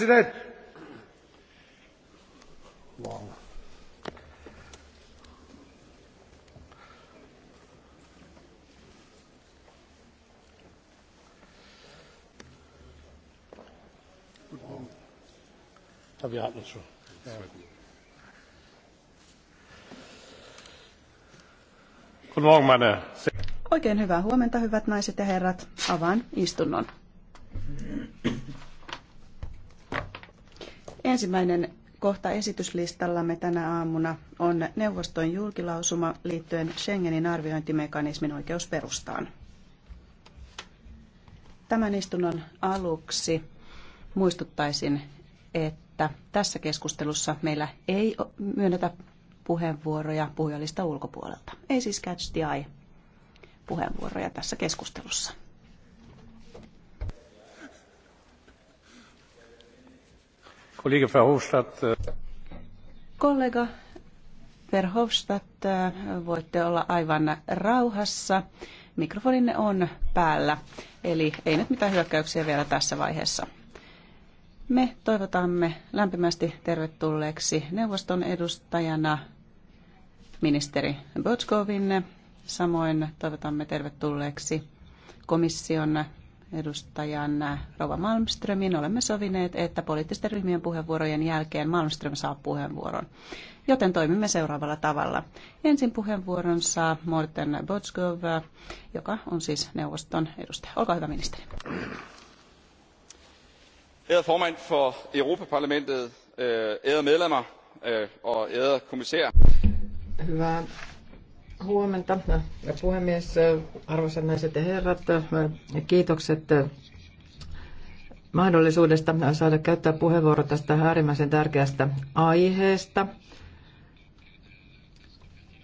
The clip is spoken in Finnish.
President. Oikein hyvää huomenta, hyvät naiset ja herrat. Avaan istunnon. Ensimmäinen kohta esityslistallamme tänä aamuna on neuvoston julkilausuma liittyen Schengenin arviointimekanismin oikeusperustaan. Tämän istunnon aluksi muistuttaisin, että tässä keskustelussa meillä ei myönnetä puheenvuoroja puhujalista ulkopuolelta. Ei siis catch the eye puheenvuoroja tässä keskustelussa. Äh, Kollega Verhofstadt. Kollega äh, Verhofstadt, voitte olla aivan rauhassa. Mikrofoninne on päällä, eli ei nyt mitään hyökkäyksiä vielä tässä vaiheessa. Me toivotamme lämpimästi tervetulleeksi neuvoston edustajana ministeri Botkovin. Samoin toivotamme tervetulleeksi komission edustajan Rova Malmströmin olemme sovineet, että poliittisten ryhmien puheenvuorojen jälkeen Malmström saa puheenvuoron. Joten toimimme seuraavalla tavalla. Ensin puheenvuoron saa Morten Botskov, joka on siis neuvoston edustaja. Olkaa hyvä ministeri. Ærede formand for Europaparlamentet, øh, ærede medlemmer øh, og ærede kommissær. Hyvä Huomenta, puhemies, arvoisat naiset ja herrat. Kiitokset mahdollisuudesta saada käyttää puheenvuoro tästä äärimmäisen tärkeästä aiheesta.